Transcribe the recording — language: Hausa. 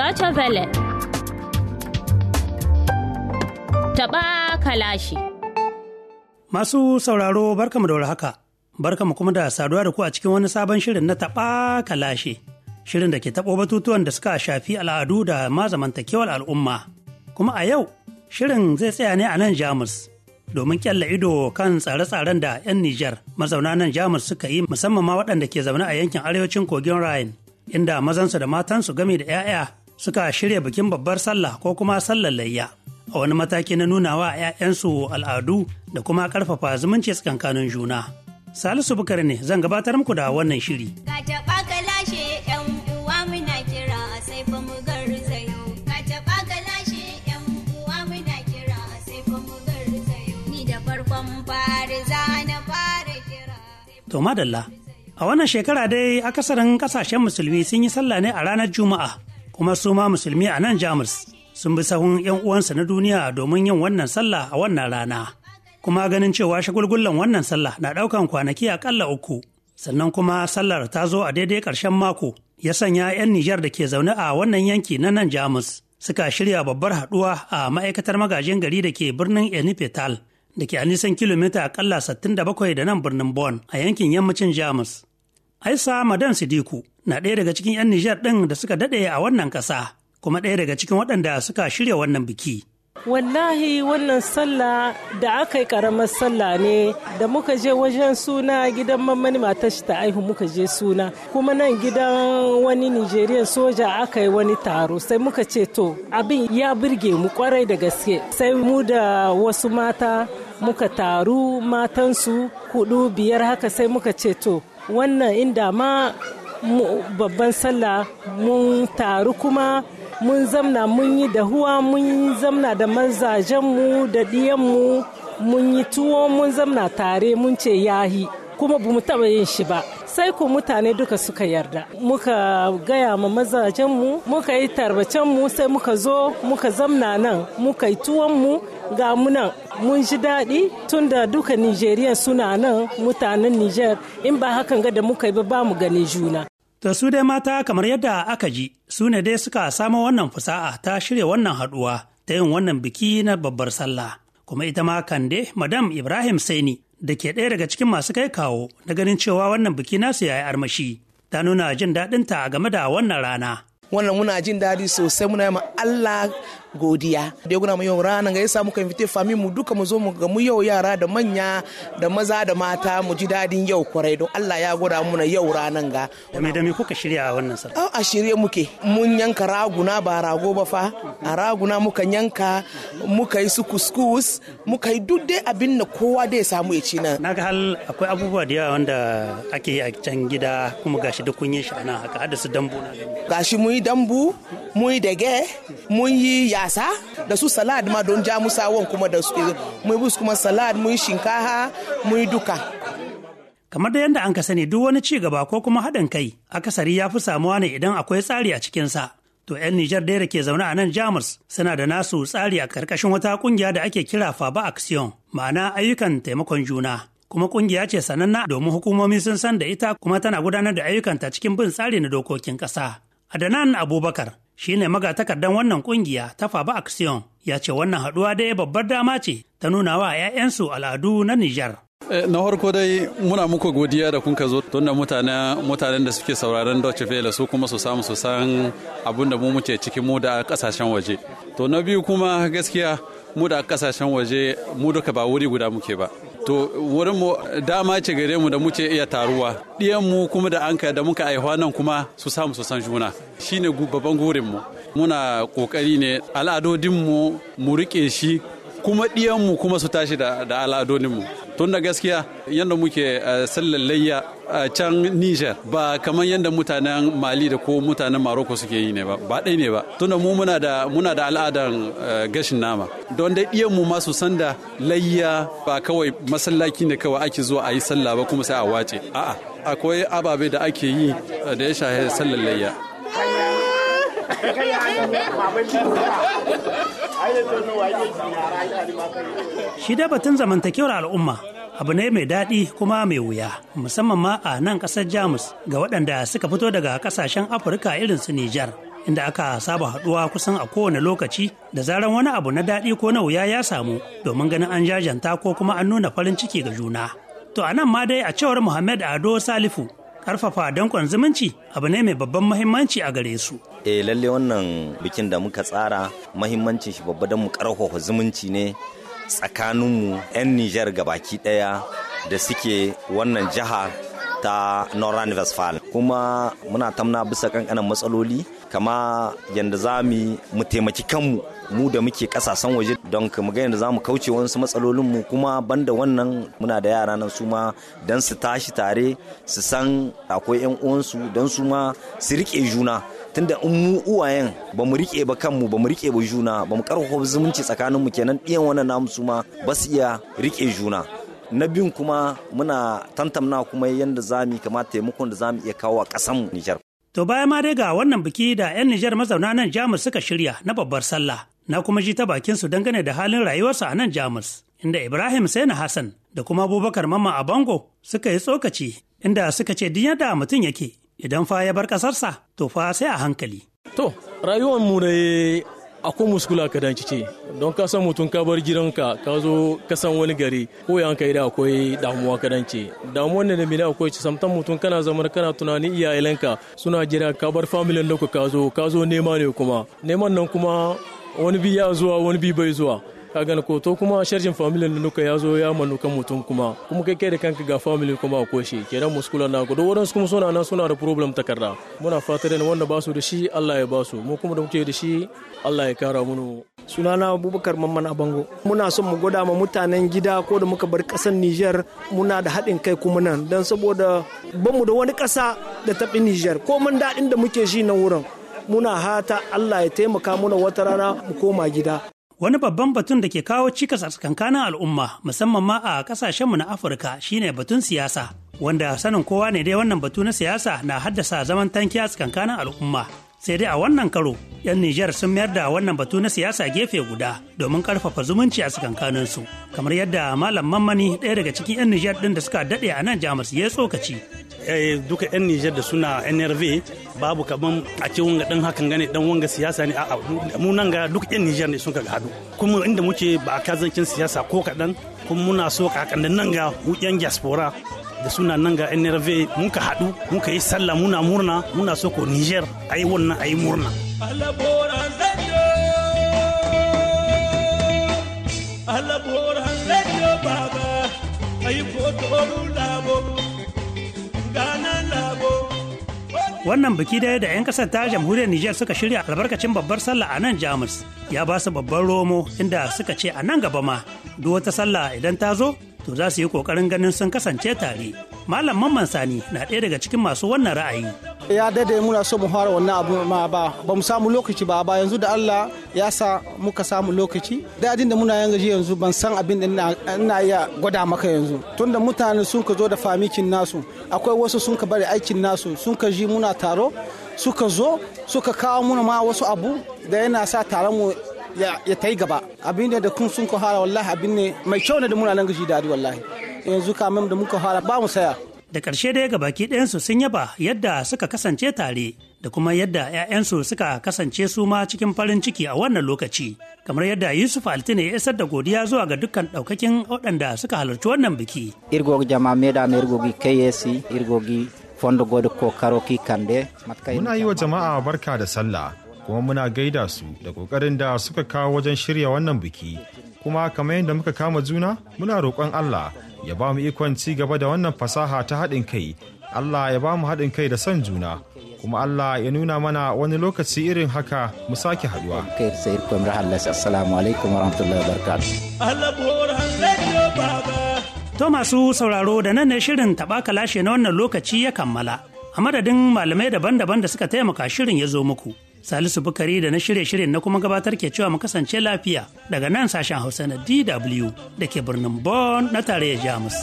Deutsche Welle. Taɓa kalashi. Masu sauraro barkamu da warhaka. Barkamu kuma da saduwa da ku a cikin wani sabon shirin na taɓa kalashi. Shirin da ke taɓo batutuwan da suka shafi al'adu da ma zamantakewar al'umma. Kuma a yau, shirin zai tsaya ne a nan Jamus. domin kyalla ido kan tsare-tsaren da 'yan Nijar mazauna nan Jamus suka yi musamman ma waɗanda ke zaune a yankin arewacin kogin Rhine, inda mazansu da matansu game da 'ya'ya suka shirya bikin babbar sallah ko kuma sallar layya a wani mataki na nuna wa 'ya'yansu al'adu da kuma karfafa zumunci tsakankanin juna. Salisu Bukar ne zan gabatar muku da wannan shiri. To madalla, a wannan shekara dai akasarin kasashen musulmi sun yi sallah ne a ranar Juma'a. kuma su ma musulmi a nan Jamus sun bi sahun 'yan uwansa na duniya domin yin wannan sallah a wannan rana. Kuma ganin cewa shagulgullan wannan sallah na ɗaukan kwanaki a kalla uku, sannan kuma sallar ta zo a daidai karshen mako ya sanya 'yan Nijar da ke zaune a wannan yanki na nan Jamus suka shirya babbar haɗuwa a ma'aikatar magajin gari da ke birnin enipetal da ke a nisan kilomita aƙalla 67 da nan birnin Bon, a yankin yammacin Jamus. Aisa Madan Sidiku na ɗaya daga cikin 'yan Nijar ɗin da suka daɗe a wannan ƙasa, kuma ɗaya daga cikin waɗanda suka shirya wannan biki. Wallahi wannan sallah da aka yi ƙaramar sallah ne da muka je wajen suna gidan mamani matar shi ta aihu muka je suna kuma nan gidan wani Nijeriyan soja aka yi wani taro sai muka ce to abin ya birge mu kwarai da gaske sai mu da wasu mata muka taru matansu kudu biyar haka sai muka ce to wannan inda ma babban sallah mun taru kuma mun zamna mun yi da huwa mun zamna da mazajenmu da ɗiyanmu mun yi tuwo mun zamna tare mun ce yahi kuma ba mu taɓa yin shi ba sai ku mutane duka suka yarda muka gaya ma mazajenmu muka yi tarbacenmu sai muka zo muka zamna nan muka yi tuwonmu ga munan mun ji daɗi tun da duka nigeria suna nan mutanen niger in ba hakan ga da muka yi ba mu gani juna To su dai mata kamar yadda aka ji su ne dai suka samo wannan fasaha ta shirya wannan haduwa ta yin wannan biki na babbar sallah. Kuma ita ma kande Madam Ibrahim Saini da ke ɗaya daga cikin masu kai kawo na ganin cewa wannan biki nasu ya yi armashi ta nuna jin daɗinta game da wannan rana. wannan muna jin daɗi sosai muna yi ma Allah godiya da ya guna mu yau ranar ga samu muka fite fami mu duka mu zo mu ga mu yau yara da manya da maza da mata mu ji dadin yau kwarai don Allah ya gwada muna yau ranar ga me da me kuka shirya a wannan sallah a shirye muke mun yanka raguna ba rago ba fa a raguna muka yanka muka yi su kuskus muka yi duk dai abin da kowa dai samu ya ci nan ga hal akwai abubuwa da yawa wanda ake yi a can gida kuma gashi da kun yi shi nan haka hada su dambu na gashi mun yi dambu mun yi dage mun yi yasa da su salad ma don ja won kuma da su mun bus kuma salad mun yi shinkaha mun duka kamar da yadda an ka sani duk wani ci gaba ko kuma haɗin kai akasari ya fi samuwa ne idan akwai tsari a cikin sa to 'yan Nijar da ke zaune a nan Jamus suna da nasu tsari a karkashin wata kungiya da ake kira Faba Action ma'ana ayyukan taimakon juna kuma ƙungiya ce sananna domin hukumomi sun san da ita kuma tana gudanar da ayyukanta cikin bin tsari na dokokin ƙasa. Adanan Abubakar shi ne magatakardan wannan kungiya ta Faba Action ya ce wannan haɗuwa dai babbar dama ce ta nuna wa 'ya'yansu al'adu na Nijar. Eh, na farko dai muna muku godiya da kun ka zo tunda mutanen da suke sauraron Deutsche Welle su kuma su samu su san abin da mu muke cikin mu da kasashen waje to na biyu kuma gaskiya mu da kasashen waje mu duka ba wuri guda muke ba to wurin mu dama ce gare mu da muke iya taruwa ɗiyan mu kuma da an da muka aihuwa nan kuma su samu su san juna shine babban gurin mu muna kokari ne al'adodin mu mu rike shi kuma ɗiyan mu kuma su tashi da al'adodin mu tun da gaskiya yadda muke eh, sallar layya a can Niger ba kamar yadda mutanen Mali da ko mutanen Maroko suke yi ne ba ba ɗai ne ba tunda mu muna da muna da al'adar eh, gashin nama don dai iya mu masu sanda layya ba kawai masallaki ne kawai ake zuwa a yi sallah ba kuma sai a wace a'a akwai ababe da ake yi eh, da ya shahe sallar layya Shi dai batun zamantakewar al'umma abu ne mai daɗi kuma mai wuya musamman ma a nan ƙasar Jamus ga waɗanda suka fito daga ƙasashen Afirka irin su Nijar. Inda aka saba haɗuwa kusan a kowane lokaci da zaran wani abu na daɗi ko na wuya ya samu domin ganin an jajanta ko kuma an nuna farin ciki ga juna. To a nan ma dai a cewar Muhammad Ado Salifu karfafa dankon zumunci abu ne mai babban mahimmanci a gare su. E lalle wannan bikin da muka tsara mahimmancin shi babba don mu karfafa zumunci ne tsakaninmu 'yan Nijar gabaki ɗaya da suke wannan jiha ta northern westphal kuma muna tamna bisa kankanan matsaloli kama yadda za mu taimaki kanmu mu da muke kasasan waje don mu ga yadda za mu kauce wasu matsalolin mu kuma banda wannan muna da yara nan su ma don su tashi tare su san akwai yan uwansu don su ma su rike juna tunda in mu uwayen ba mu rike ba kanmu ba mu rike ba juna ba mu karfafa zumunci tsakaninmu kenan ɗiyan wannan namu su ma ba su iya rike juna na biyun kuma muna tantamna kuma yadda za mu kama taimakon da za mu iya kawo a ƙasanmu Nijar. To baya ma dai ga wannan biki da 'yan Nijar mazauna nan Jamus suka shirya na babbar sallah na kuma ji ta bakin su dangane da halin rayuwarsu a nan Jamus inda Ibrahim na Hassan da kuma Abubakar Mamma a Bango suka yi tsokaci inda suka ce duk yadda mutum yake idan fa ya bar ƙasarsa to fa sai a hankali. To rayuwar mu dai akwai muskula ka dan ce don ka san mutum ka bar gidanka ka zo ka san wani gari ko yan kai da akwai damuwa ka dan ce ne da mina akwai ci samtan mutum kana zaman kana tunani iyayenka suna jira ka bar familin da ka zo ka zo nema ne kuma neman nan kuma wani bi ya zuwa wani bi bai zuwa ka gane ko to kuma sharjin family ne nuka ya zo ya kan mutum kuma kuma kai kai da kanka ga family kuma a koshe kenan muskula na ko wadan su kuma suna nan suna da problem takarda muna fatar ne wanda ba su da shi Allah ya ba su mu kuma da muke da shi Allah ya kara mu sunana Abubakar Mamman Abango muna son mu gwada ma mutanen gida ko da muka bar kasar Niger muna da haɗin kai kuma nan dan saboda mu da wani ƙasa da tafi Niger ko mun daɗin da muke shi nan wurin muna hata Allah ya taimaka muna wata rana mu koma gida Wani babban batun da ke kawo cikas a tsakankanin al'umma musamman ma a ƙasashenmu na Afirka shine batun siyasa. Wanda sanin kowa ne dai wannan batu na siyasa na haddasa zaman tanki a tsakankanin al'umma. Sai dai a wannan karo, 'yan Nijar sun mayar da wannan batu na siyasa gefe guda domin karfafa zumunci a su. Kamar yadda Malam Mammani ɗaya daga cikin 'yan Nijar ɗin da suka daɗe a nan Jamus ya tsokaci. Eh, duka 'yan Nijar da suna NRV babu kaman a ce wanga dan hakan gane dan wanga siyasa ne a'a mu nan ga duk 'yan Nijar ne sun ka hadu kuma inda muke ba a kazancin siyasa ko kaɗan kuma muna so kakan da nan ga mu 'yan diaspora da suna nan ga NRV muka hadu muka yi sallah muna murna muna so ko Nijar ayi wannan ayi murna. Allah wannan biki daya da 'yan kasar ta jamhuriyar Nijar suka shirya albarkacin babbar sallah a nan Jamus ya ba su babban romo inda suka ce a nan gaba ma duk wata sallah idan ta zo to za su yi kokarin ganin sun kasance tare. Malam Mamman Sani na ɗaya daga cikin masu wannan ra'ayi. ya dade muna so mu fara wannan abu ma ba ba mu samu lokaci ba ba yanzu da Allah ya sa muka samu lokaci dadin da muna ji yanzu ban san abin da ina iya gwada maka yanzu tunda mutane sun ka zo da famikin nasu akwai wasu sun ka bari aikin nasu sun ka ji muna taro suka zo suka kawo muna ma wasu abu da yana sa taron mu ya ta yi gaba abin da da kun sun ka fara wallahi abin ne mai kyau ne da muna nan gaji dadi wallahi yanzu kamar da muka fara ba mu saya da ƙarshe dai baki ɗayansu sun yaba yadda suka kasance tare da kuma yadda 'ya'yansu suka kasance su ma cikin farin ciki a wannan lokaci kamar yadda yusuf altine ya isar da godiya zuwa ga dukkan ɗaukakin waɗanda suka halarci wannan biki irgogi meda irgogi irgogi fondo ko karoki kande muna yi wa jama'a barka da sallah kuma muna gaida su da kokarin da suka kawo wajen shirya wannan biki kuma kamar yadda muka kama juna muna roƙon allah ya ba mu ikon ci gaba da wannan fasaha ta haɗin kai Allah ya ba mu haɗin kai da son juna kuma Allah ya nuna mana wani lokaci irin haka mu sake haɗuwa. To masu sauraro da nan ne shirin taɓa kalashe na wannan lokaci ya kammala a madadin malamai daban-daban da suka taimaka shirin ya zo muku. Salisu Bukari da na shirye shirye na kuma gabatar ke cewa mu kasance lafiya daga nan sashen Hausa na DW da ke birnin Bonn na tarayyar Jamus.